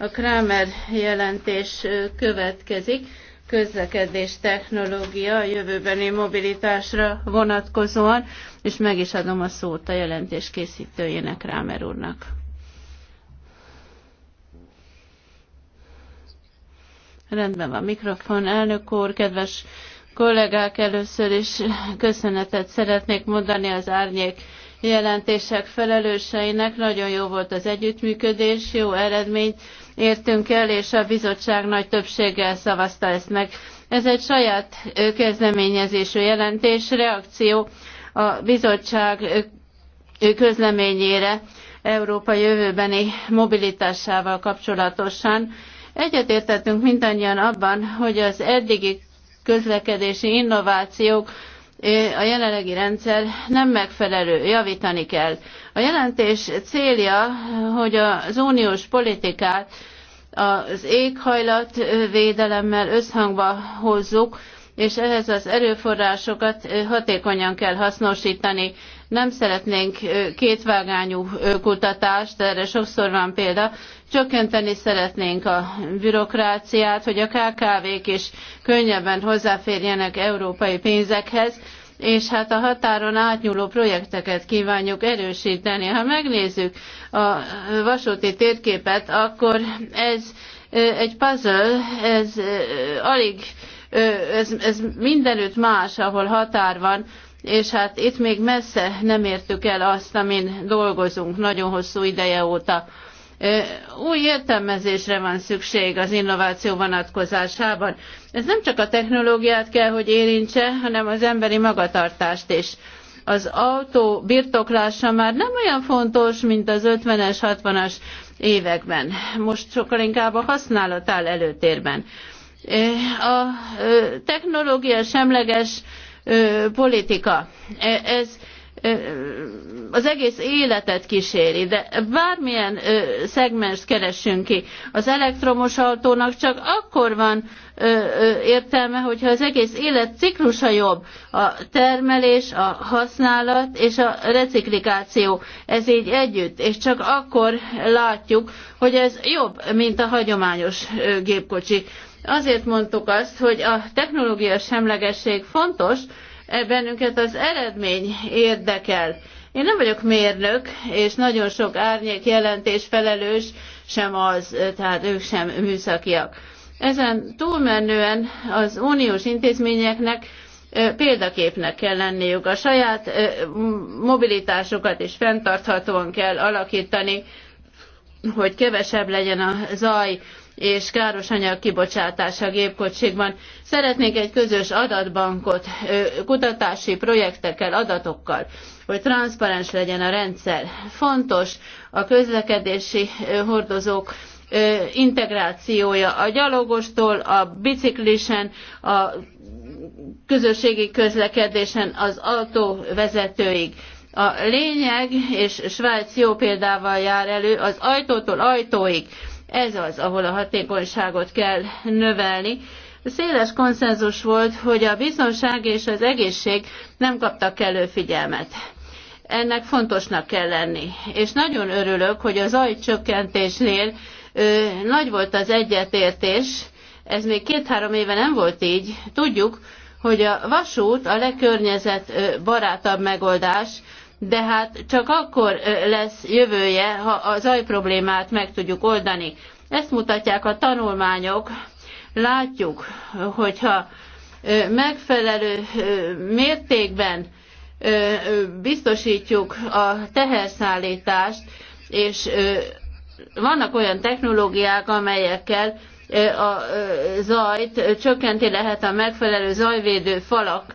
A Kramer jelentés következik, közlekedés technológia a jövőbeni mobilitásra vonatkozóan, és meg is adom a szót a jelentés készítőjének, Kramer úrnak. Rendben van mikrofon, elnök úr, kedves kollégák, először is köszönetet szeretnék mondani az árnyék jelentések felelőseinek. Nagyon jó volt az együttműködés, jó eredményt értünk el, és a bizottság nagy többséggel szavazta ezt meg. Ez egy saját kezdeményezésű jelentés, reakció a bizottság közleményére Európa jövőbeni mobilitásával kapcsolatosan. Egyetértettünk mindannyian abban, hogy az eddigi közlekedési innovációk a jelenlegi rendszer nem megfelelő, javítani kell. A jelentés célja, hogy az uniós politikát az éghajlatvédelemmel összhangba hozzuk, és ehhez az erőforrásokat hatékonyan kell hasznosítani. Nem szeretnénk kétvágányú kutatást, erre sokszor van példa. Csökkenteni szeretnénk a bürokráciát, hogy a KKV-k is könnyebben hozzáférjenek európai pénzekhez, és hát a határon átnyúló projekteket kívánjuk erősíteni. Ha megnézzük a vasúti térképet, akkor ez egy puzzle, ez alig ez, ez mindenütt más, ahol határ van, és hát itt még messze nem értük el azt, amin dolgozunk nagyon hosszú ideje óta. Új értelmezésre van szükség az innováció vonatkozásában. Ez nem csak a technológiát kell, hogy érintse, hanem az emberi magatartást is. Az autó birtoklása már nem olyan fontos, mint az 50-es, 60-as években. Most sokkal inkább a használat áll előtérben. Eh, a technológia semleges politika. E, ez az egész életet kíséri, de bármilyen szegmens keresünk ki, az elektromos autónak csak akkor van értelme, hogyha az egész élet ciklusa jobb, a termelés, a használat és a reciklikáció, ez így együtt, és csak akkor látjuk, hogy ez jobb, mint a hagyományos gépkocsi Azért mondtuk azt, hogy a technológia semlegesség fontos, e bennünket az eredmény érdekel. Én nem vagyok mérnök, és nagyon sok árnyék jelentés felelős sem az, tehát ők sem műszakiak. Ezen túlmenően az uniós intézményeknek példaképnek kell lenniük. A saját mobilitásokat is fenntarthatóan kell alakítani, hogy kevesebb legyen a zaj és káros anyag kibocsátása gépkocsikban. Szeretnék egy közös adatbankot kutatási projektekkel, adatokkal hogy transzparens legyen a rendszer. Fontos a közlekedési hordozók integrációja a gyalogostól, a biciklisen, a közösségi közlekedésen, az autóvezetőig. A lényeg, és Svájc jó példával jár elő, az ajtótól ajtóig ez az, ahol a hatékonyságot kell növelni. Széles konszenzus volt, hogy a biztonság és az egészség nem kaptak kellő figyelmet ennek fontosnak kell lenni. És nagyon örülök, hogy a zajcsökkentésnél ö, nagy volt az egyetértés, ez még két-három éve nem volt így. Tudjuk, hogy a vasút a legkörnyezetbarátabb megoldás, de hát csak akkor lesz jövője, ha a zaj problémát meg tudjuk oldani. Ezt mutatják a tanulmányok. Látjuk, hogyha megfelelő mértékben biztosítjuk a teherszállítást, és vannak olyan technológiák, amelyekkel a zajt csökkenti lehet a megfelelő zajvédő falak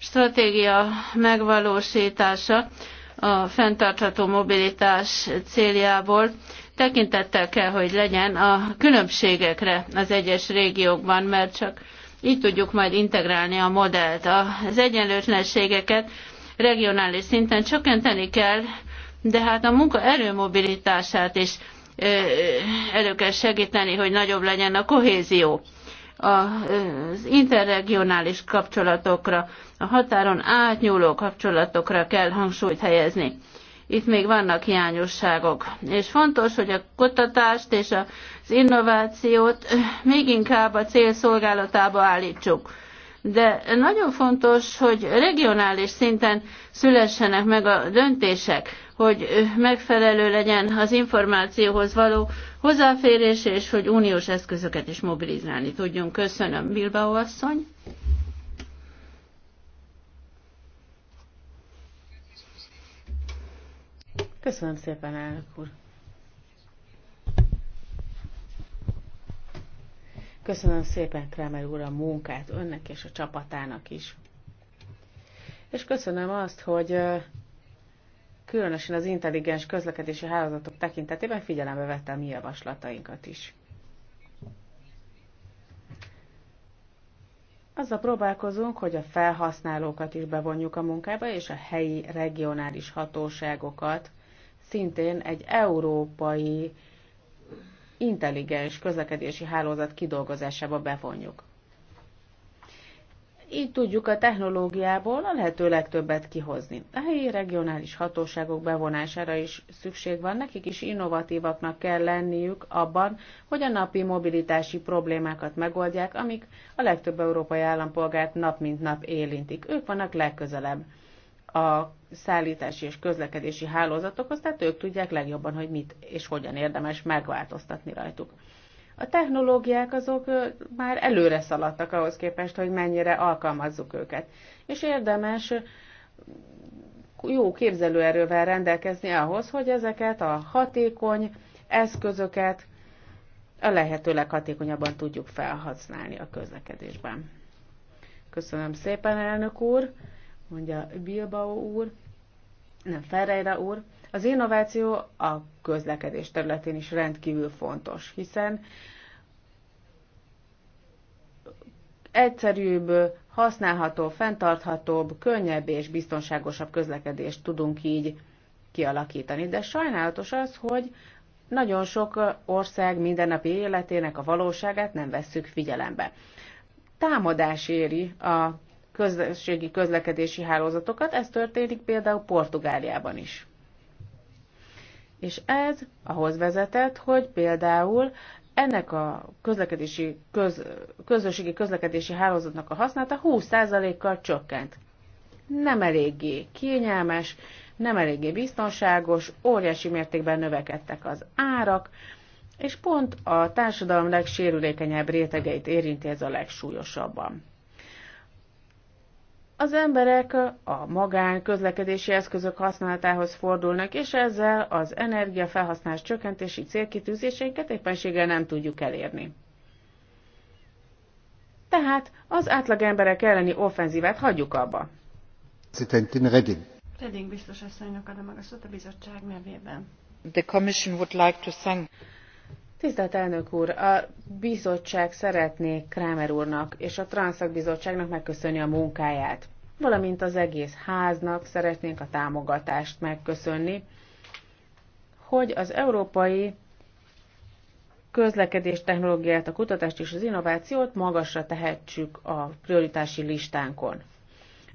stratégia megvalósítása a fenntartható mobilitás céljából tekintettel kell, hogy legyen a különbségekre az egyes régiókban, mert csak így tudjuk majd integrálni a modellt. Az egyenlőtlenségeket regionális szinten csökkenteni kell, de hát a munka erőmobilitását is elő kell segíteni, hogy nagyobb legyen a kohézió az interregionális kapcsolatokra, a határon átnyúló kapcsolatokra kell hangsúlyt helyezni itt még vannak hiányosságok. És fontos, hogy a kutatást és az innovációt még inkább a cél szolgálatába állítsuk de nagyon fontos, hogy regionális szinten szülessenek meg a döntések, hogy megfelelő legyen az információhoz való hozzáférés, és hogy uniós eszközöket is mobilizálni tudjunk. Köszönöm, Bilbao asszony. Köszönöm szépen, elnök úr. Köszönöm szépen, Kramer úr, a munkát önnek és a csapatának is. És köszönöm azt, hogy különösen az intelligens közlekedési hálózatok tekintetében figyelembe vette a mi javaslatainkat is. Azzal próbálkozunk, hogy a felhasználókat is bevonjuk a munkába, és a helyi regionális hatóságokat szintén egy európai intelligens közlekedési hálózat kidolgozásába bevonjuk. Így tudjuk a technológiából a lehető legtöbbet kihozni. A helyi regionális hatóságok bevonására is szükség van, nekik is innovatívaknak kell lenniük abban, hogy a napi mobilitási problémákat megoldják, amik a legtöbb európai állampolgárt nap mint nap érintik. Ők vannak legközelebb a szállítási és közlekedési hálózatokhoz, tehát ők tudják legjobban, hogy mit és hogyan érdemes megváltoztatni rajtuk. A technológiák azok már előre szaladtak ahhoz képest, hogy mennyire alkalmazzuk őket. És érdemes jó képzelőerővel rendelkezni ahhoz, hogy ezeket a hatékony eszközöket a lehető leghatékonyabban tudjuk felhasználni a közlekedésben. Köszönöm szépen, elnök úr! mondja Bilbao úr, nem Ferreira úr. Az innováció a közlekedés területén is rendkívül fontos, hiszen egyszerűbb, használható, fenntarthatóbb, könnyebb és biztonságosabb közlekedést tudunk így kialakítani. De sajnálatos az, hogy nagyon sok ország mindennapi életének a valóságát nem vesszük figyelembe. Támadás éri a közösségi közlekedési hálózatokat, ez történik például Portugáliában is. És ez ahhoz vezetett, hogy például ennek a közlekedési, köz, közösségi közlekedési hálózatnak a használata 20%-kal csökkent. Nem eléggé kényelmes, nem eléggé biztonságos, óriási mértékben növekedtek az árak, és pont a társadalom legsérülékenyebb rétegeit érinti ez a legsúlyosabban az emberek a magán közlekedési eszközök használatához fordulnak, és ezzel az energiafelhasználás csökkentési célkitűzéseinket éppenséggel nem tudjuk elérni. Tehát az átlag emberek elleni offenzívát hagyjuk abba. Redding. Redding biztos asszonynak adom meg a szót a bizottság nevében. The commission would like to thank... Tisztelt elnök úr, a bizottság szeretné Krámer úrnak és a Transzak bizottságnak megköszönni a munkáját, valamint az egész háznak szeretnénk a támogatást megköszönni, hogy az európai közlekedés technológiát, a kutatást és az innovációt magasra tehetsük a prioritási listánkon.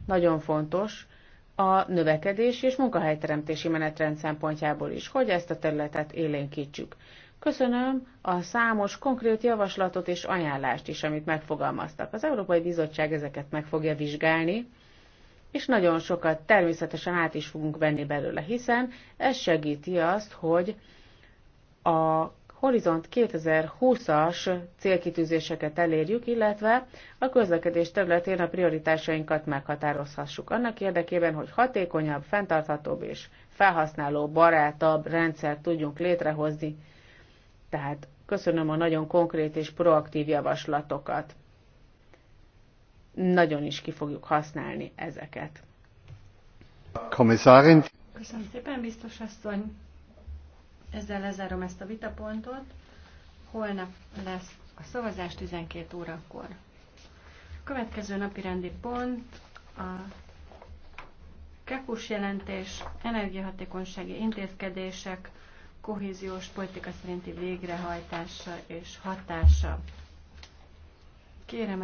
Nagyon fontos a növekedés és munkahelyteremtési menetrend szempontjából is, hogy ezt a területet élénkítsük. Köszönöm a számos konkrét javaslatot és ajánlást is, amit megfogalmaztak. Az Európai Bizottság ezeket meg fogja vizsgálni, és nagyon sokat természetesen át is fogunk venni belőle, hiszen ez segíti azt, hogy a Horizont 2020-as célkitűzéseket elérjük, illetve a közlekedés területén a prioritásainkat meghatározhassuk annak érdekében, hogy hatékonyabb, fenntarthatóbb és felhasználó barátabb rendszert tudjunk létrehozni tehát köszönöm a nagyon konkrét és proaktív javaslatokat. Nagyon is ki fogjuk használni ezeket. Komisárin. Köszönöm szépen, biztos asszony. Ezzel lezárom ezt a vitapontot. Holnap lesz a szavazás 12 órakor. A következő napi rendi pont a Kekus jelentés energiahatékonysági intézkedések kohéziós politika szerinti végrehajtása és hatása. Kérem